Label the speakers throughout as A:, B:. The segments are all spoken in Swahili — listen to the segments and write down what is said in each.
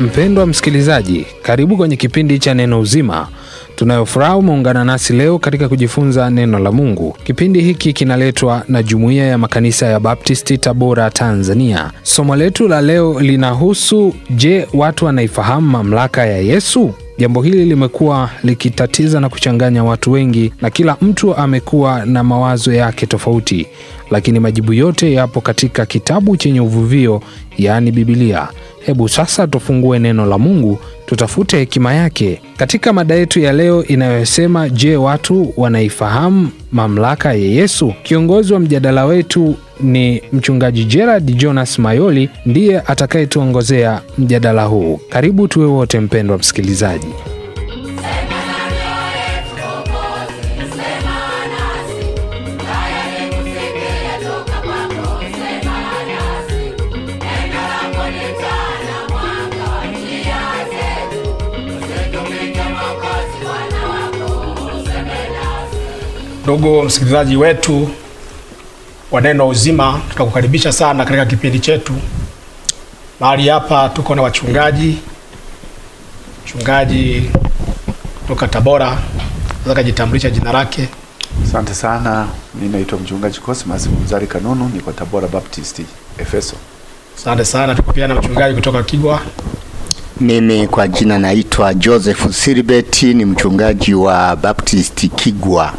A: Mpendwa msikilizaji, karibu kwenye kipindi cha Neno Uzima. Tunayofuraha umeungana nasi leo katika kujifunza neno la Mungu. Kipindi hiki kinaletwa na Jumuiya ya Makanisa ya Baptisti, Tabora, Tanzania. Somo letu la leo linahusu je, watu wanaifahamu mamlaka ya Yesu? Jambo hili limekuwa likitatiza na kuchanganya watu wengi, na kila mtu amekuwa na mawazo yake tofauti, lakini majibu yote yapo katika kitabu chenye uvuvio, yaani Bibilia. Hebu sasa tufungue neno la Mungu, tutafute hekima yake katika mada yetu ya leo inayosema, je, watu wanaifahamu mamlaka ya Yesu? Kiongozi wa mjadala wetu ni mchungaji Gerard Jonas Mayoli, ndiye atakayetuongozea mjadala huu. Karibu tuwe wote, mpendwa msikilizaji.
B: Ndugu msikilizaji wetu wa Neno Uzima, tunakukaribisha sana katika kipindi chetu. Mahali hapa tuko na wachungaji, mchungaji kutoka Tabora, kajitambulisha jina lake. Asante sana,
C: mi naitwa mchungaji Cosmas Mzari Kanunu, niko Tabora Baptist Efeso.
B: Asante sana, tuko pia na mchungaji kutoka Kigwa.
C: Mimi kwa jina naitwa
D: Joseph Silibeti, ni mchungaji wa Baptist Kigwa.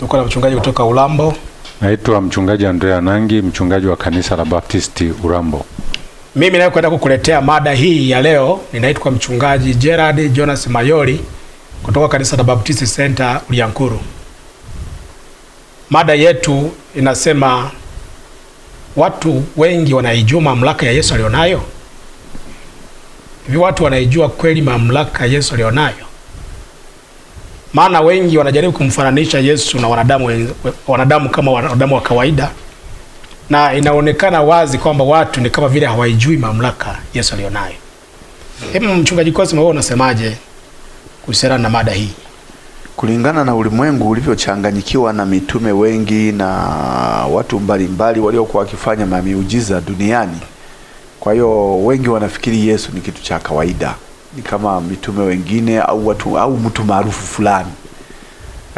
E: Tuko na mchungaji kutoka Urambo. Naitwa mchungaji Andrea Nangi, mchungaji wa kanisa la Baptisti Urambo.
B: Mimi kwenda kukuletea mada hii ya leo, ninaitwa mchungaji Gerard Jonas Mayori kutoka kanisa la Baptisti Center Uliankuru. Mada yetu inasema watu wengi wanaijua mamlaka ya Yesu alionayo. Hivi watu wanaijua kweli mamlaka Yesu alionayo? Maana wengi wanajaribu kumfananisha Yesu na wanadamu, wanadamu kama wanadamu wa kawaida, na inaonekana wazi kwamba watu ni kama vile hawaijui mamlaka Yesu alionayo. Hebu mchungaji Cosmo, wewe unasemaje kuhusiana na mada hii?
C: Kulingana na ulimwengu ulivyochanganyikiwa na mitume wengi na watu mbalimbali waliokuwa wakifanya mamiujiza duniani, kwa hiyo wengi wanafikiri Yesu ni kitu cha kawaida ni kama mitume wengine au watu au mtu maarufu fulani.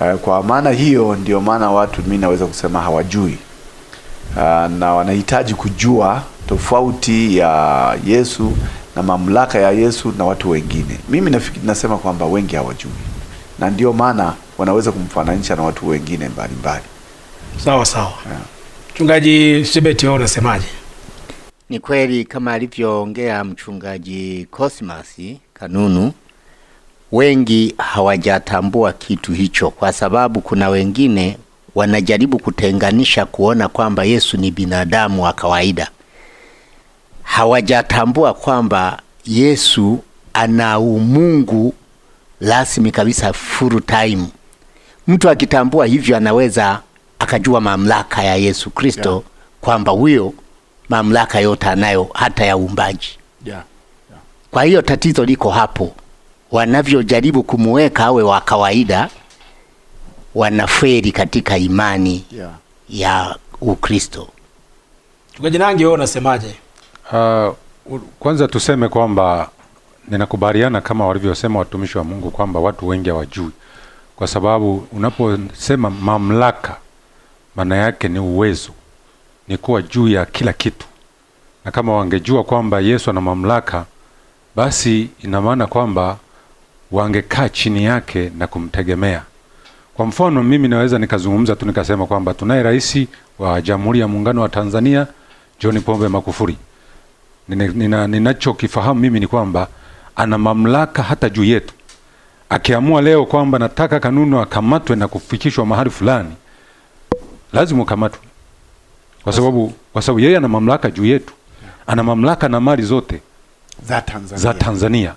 C: Eh, kwa maana hiyo ndio maana watu mimi naweza kusema hawajui eh, na wanahitaji kujua tofauti ya Yesu na mamlaka ya Yesu na watu wengine. Mimi nafikiri nasema kwamba wengi hawajui, na ndio maana wanaweza kumfananisha na watu wengine mbalimbali.
B: Sawa sawa, yeah. Mchungaji Sibeti, wewe unasemaje?
D: Ni kweli kama alivyoongea mchungaji Cosmas Kanunu, wengi hawajatambua kitu hicho, kwa sababu kuna wengine wanajaribu kutenganisha kuona kwamba Yesu ni binadamu wa kawaida. Hawajatambua kwamba Yesu ana umungu rasmi kabisa, full time. Mtu akitambua hivyo, anaweza akajua mamlaka ya Yesu Kristo, yeah. kwamba huyo mamlaka yote anayo hata ya uumbaji yeah. Yeah. Kwa hiyo tatizo liko hapo, wanavyojaribu kumuweka awe wa kawaida wanaferi katika
E: imani
D: yeah. ya
E: Ukristo.
B: Mchungaji Nangi, wewe unasemaje?
E: Uh, kwanza tuseme kwamba ninakubaliana kama walivyosema watumishi wa Mungu kwamba watu wengi hawajui, kwa sababu unaposema mamlaka maana yake ni uwezo ni kuwa juu ya kila kitu, na kama wangejua kwamba Yesu ana mamlaka, basi ina maana kwamba wangekaa chini yake na kumtegemea. Kwa mfano, mimi naweza nikazungumza tu nikasema kwamba tunaye rais wa Jamhuri ya Muungano wa Tanzania John Pombe makufuri Ninachokifahamu nina mimi ni kwamba ana mamlaka hata juu yetu. Akiamua leo kwamba nataka kanunu akamatwe na kufikishwa mahali fulani, lazima ukamatwe kwa sababu kwa sababu yeye ana mamlaka juu yetu, ana mamlaka na mali zote
C: za Tanzania, za
E: Tanzania.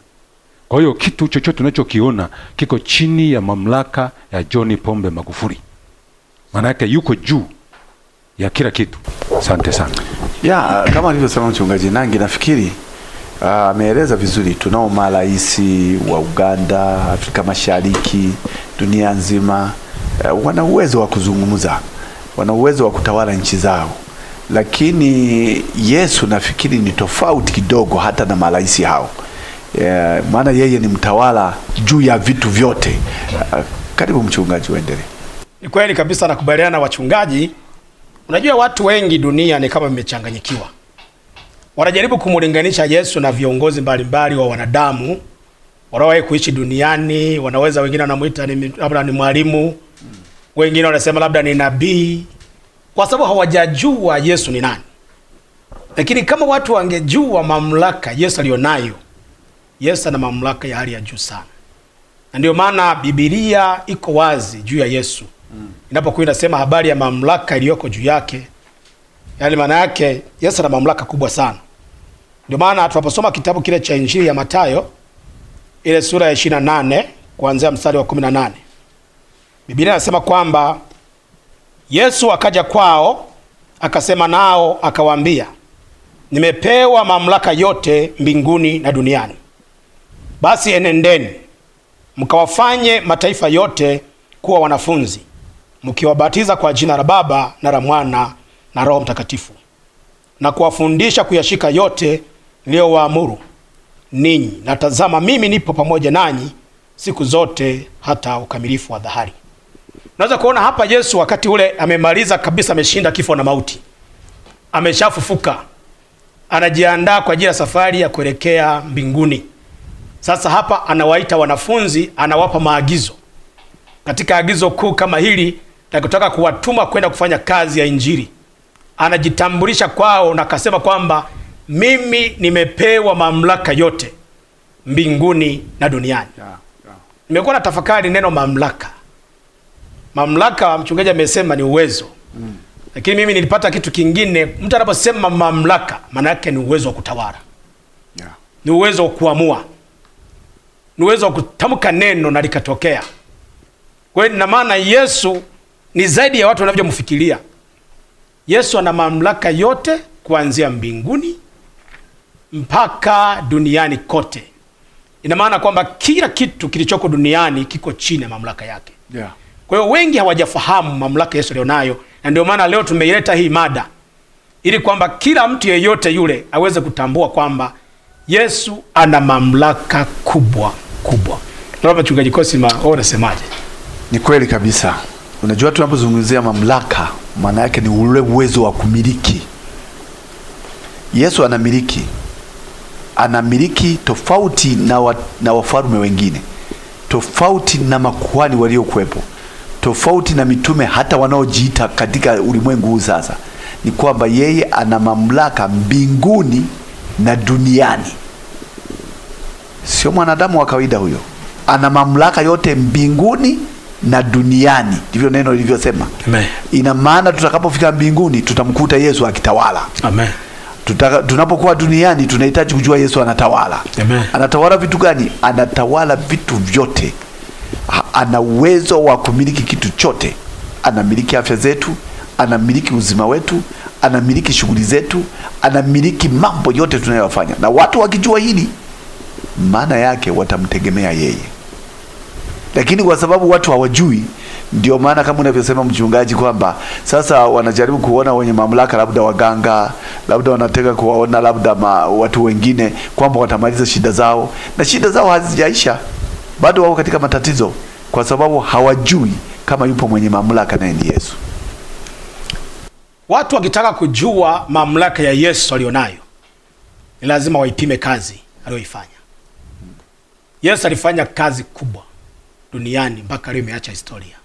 E: Kwa hiyo kitu chochote tunachokiona kiko chini ya mamlaka ya John Pombe Magufuli, maana yake yuko juu ya kila kitu. Asante sana. Ya, kama alivyosema
C: mchungaji Nangi, nafikiri ah, ameeleza uh, vizuri. Tunao marais wa Uganda, Afrika Mashariki, dunia nzima, uh, wana uwezo wa kuzungumza wana uwezo wa kutawala nchi zao, lakini Yesu nafikiri ni tofauti kidogo hata na marais hao. Yeah, maana yeye ni mtawala juu ya vitu vyote. Eh, karibu mchungaji, uendelee.
B: Ni kweli kabisa, nakubaliana na wachungaji. Unajua, watu wengi dunia ni kama imechanganyikiwa, wanajaribu kumlinganisha Yesu na viongozi mbalimbali wa wanadamu wanaowahi kuishi duniani. Wanaweza wengine wanamwita labda ni mwalimu, wengine wanasema labda ni nabii, kwa sababu hawajajua Yesu ni nani. Lakini kama watu wangejua mamlaka Yesu aliyonayo, Yesu ana mamlaka ya hali ya juu sana, na ndio maana Bibilia iko wazi juu ya Yesu mm. inapokuwa inasema habari ya mamlaka iliyoko juu yake, yaani maana yake Yesu ana mamlaka kubwa sana. Ndio maana tunaposoma kitabu kile cha Injili ya matayo ile sura ya 28 kuanzia mstari wa 18 Biblia inasema kwamba Yesu akaja kwao akasema nao akawaambia, nimepewa mamlaka yote mbinguni na duniani. Basi enendeni mkawafanye mataifa yote kuwa wanafunzi, mkiwabatiza kwa jina la Baba na la Mwana na Roho Mtakatifu, na kuwafundisha kuyashika yote niliyowaamuru ninyi, natazama mimi nipo pamoja nanyi siku zote hata ukamilifu wa dhahari naweza kuona hapa Yesu wakati ule amemaliza kabisa, ameshinda kifo na mauti, ameshafufuka, anajiandaa kwa ajili ya safari ya kuelekea mbinguni. Sasa hapa anawaita wanafunzi, anawapa maagizo. Katika agizo kuu kama hili la kutaka kuwatuma kwenda kufanya kazi ya Injili, anajitambulisha kwao na akasema kwamba mimi nimepewa mamlaka yote mbinguni na duniani. Nimekuwa na tafakari neno mamlaka Mamlaka mchungaji amesema ni uwezo mm. Lakini mimi nilipata kitu kingine, mtu anaposema mamlaka maana yake ni uwezo wa kutawala yeah. Ni uwezo wa kuamua, ni uwezo wa kutamka neno na likatokea. Kwa hiyo maana Yesu ni zaidi ya watu wanavyomfikiria. Yesu ana mamlaka yote kuanzia mbinguni mpaka duniani kote. Ina maana kwamba kila kitu kilichoko duniani kiko chini ya mamlaka yake yeah. Kwa hiyo wengi hawajafahamu mamlaka Yesu aliyonayo na ndio maana leo tumeileta hii mada ili kwamba kila mtu yeyote yule aweze kutambua kwamba Yesu ana mamlaka kubwa kubwa.
C: Naomba Mchungaji Kosima, wewe unasemaje? Ni kweli kabisa. Unajua, tunapozungumzia mamlaka, maana yake ni ule uwezo wa kumiliki. Yesu anamiliki, anamiliki tofauti na, wa, na wafalme wengine, tofauti na makuhani waliokuwepo tofauti na mitume hata wanaojiita katika ulimwengu huu sasa, ni kwamba yeye ana mamlaka mbinguni na duniani. Sio mwanadamu wa kawaida huyo, ana mamlaka yote mbinguni na duniani, ndivyo neno lilivyosema. Ina maana tutakapofika mbinguni tutamkuta Yesu akitawala. Amen. Tutaka, tunapokuwa duniani tunahitaji kujua Yesu anatawala. Amen. Anatawala vitu gani? Anatawala vitu vyote ana uwezo wa kumiliki kitu chote. Anamiliki afya zetu, anamiliki uzima wetu, anamiliki shughuli zetu, anamiliki mambo yote tunayofanya. Na watu wakijua hili, maana yake watamtegemea yeye. Lakini kwa sababu watu hawajui, ndio maana kama unavyosema mchungaji, kwamba sasa wanajaribu kuona wenye mamlaka, labda waganga, labda wanataka kuwaona labda ma, watu wengine kwamba watamaliza shida zao, na shida zao hazijaisha, bado wako katika matatizo kwa sababu hawajui kama yupo mwenye mamlaka naye ni Yesu.
B: Watu wakitaka kujua mamlaka ya Yesu aliyonayo ni lazima waipime kazi aliyoifanya. Yesu alifanya kazi kubwa duniani mpaka leo imeacha historia.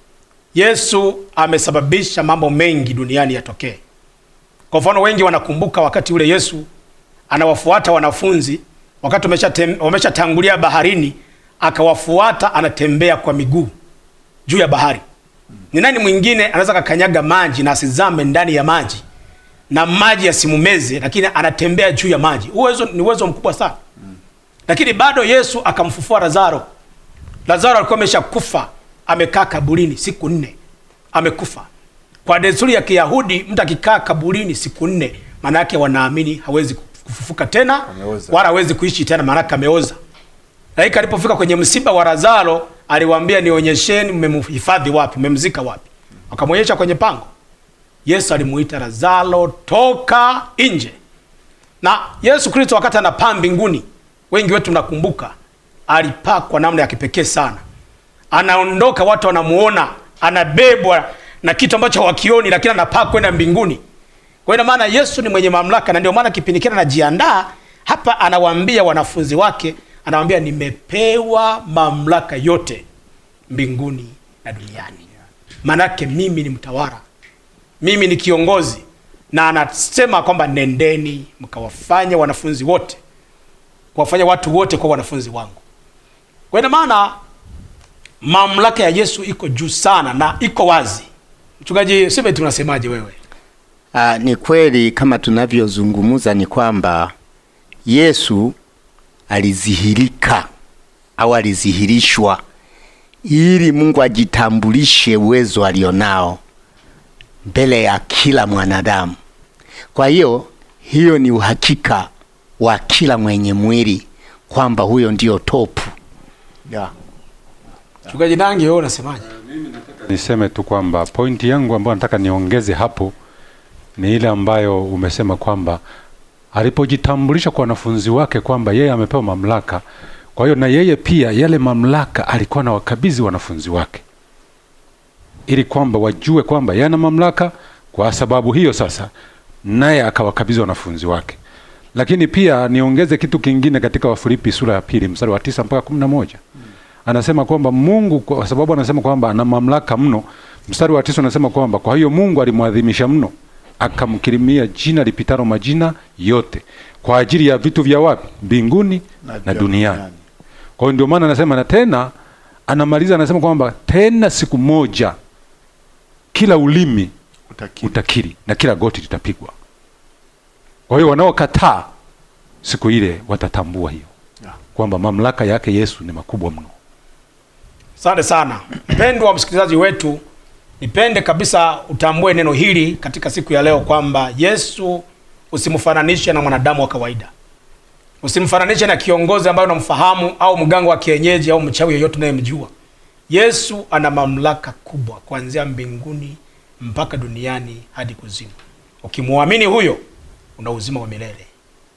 B: Yesu amesababisha mambo mengi duniani yatokee. Kwa mfano, wengi wanakumbuka wakati ule Yesu anawafuata wanafunzi wakati wameshatangulia baharini akawafuata anatembea kwa miguu juu ya bahari. Ni nani mwingine anaweza kakanyaga maji na asizame ndani ya maji na maji yasimumeze, lakini anatembea juu ya maji? Uwezo ni uwezo mkubwa sana, lakini bado Yesu akamfufua Lazaro. Lazaro alikuwa ameshakufa, amekaa kaburini siku nne, amekufa. Kwa desturi ya Kiyahudi, mtu akikaa kaburini siku nne, maana yake wanaamini hawezi kufufuka tena, ameweza, wala hawezi kuishi tena, maana yake ameoza. Laika alipofika kwenye msiba wa Lazaro aliwaambia, nionyesheni mmemhifadhi wapi, mmemzika wapi? Wakamwonyesha kwenye pango. Yesu alimuita Lazaro, toka nje. Na Yesu Kristo wakati anapaa mbinguni, wengi wetu nakumbuka, alipaa kwa namna ya kipekee sana. Anaondoka, watu wanamuona, anabebwa na kitu ambacho hawakioni, lakini anapaa kwenda mbinguni. Kwa hiyo maana Yesu ni mwenye mamlaka, na ndio maana kipindi kile anajiandaa hapa, anawaambia wanafunzi wake anawambia nimepewa mamlaka yote mbinguni na duniani maanake mimi ni mtawara mimi ni kiongozi na anasema kwamba nendeni mkawafanya wanafunzi wote kuwafanya watu wote kwa wanafunzi wangu kwa ina maana mamlaka ya yesu iko juu sana na iko wazi mchungaji seme tunasemaje wewe
D: Aa, ah, ni kweli kama tunavyozungumza ni kwamba yesu alizihirika au alizihirishwa ili Mungu ajitambulishe uwezo alionao mbele ya kila mwanadamu. Kwa hiyo hiyo ni uhakika
E: wa kila mwenye mwili kwamba huyo ndio topu yeah.
B: Mchungaji Nangi, wewe unasemaje? Eh, mimi
E: nataka niseme tu kwamba pointi yangu ambayo nataka niongeze hapo ni ile ambayo umesema kwamba alipojitambulisha kwa wanafunzi wake kwamba yeye amepewa mamlaka. Kwa hiyo na yeye pia yale mamlaka alikuwa na wakabidhi wanafunzi wake, ili kwamba wajue kwamba yana mamlaka. Kwa sababu hiyo sasa naye akawakabidhi wanafunzi wake. Lakini pia niongeze kitu kingine katika Wafilipi sura ya pili mstari wa tisa mpaka kumi na moja anasema kwamba Mungu, kwa sababu anasema kwamba ana mamlaka mno. Mstari wa tisa anasema kwamba kwa hiyo Mungu alimwadhimisha mno akamkirimia jina lipitalo majina yote kwa ajili ya vitu vya wapi? Mbinguni na, na duniani. Kwa hiyo ndio maana anasema na tena, anamaliza anasema kwamba tena siku moja kila ulimi utakiri, utakiri na kila goti litapigwa. Kwa hiyo wanaokataa siku ile watatambua hiyo kwamba mamlaka yake Yesu ni makubwa mno.
B: Asante sana mpendwa msikilizaji wetu. Nipende kabisa utambue neno hili katika siku ya leo kwamba Yesu usimfananishe na mwanadamu wa kawaida, usimfananishe na kiongozi ambaye unamfahamu au mganga wa kienyeji au mchawi yeyote unayemjua. Yesu ana mamlaka kubwa kuanzia mbinguni mpaka duniani hadi kuzimu. Ukimwamini huyo una uzima wa milele,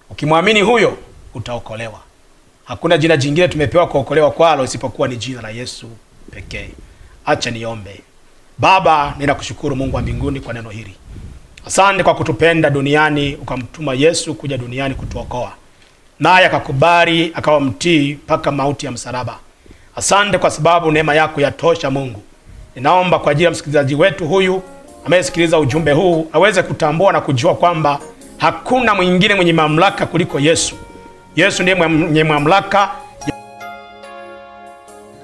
B: ukimwamini huyo utaokolewa. Hakuna jina jingine tumepewa kuokolewa kwalo isipokuwa ni jina la Yesu pekee. Acha niombe. Baba, ninakushukuru Mungu wa mbinguni kwa neno hili. Asante kwa kutupenda duniani ukamtuma Yesu kuja duniani kutuokoa, naye akakubali akawa mtii mpaka mauti ya msalaba. Asante kwa sababu neema yako yatosha Mungu. Ninaomba kwa ajili ya msikilizaji wetu huyu amesikiliza ujumbe huu aweze kutambua na kujua kwamba hakuna mwingine mwenye mamlaka kuliko Yesu. Yesu ndiye mwenye mamlaka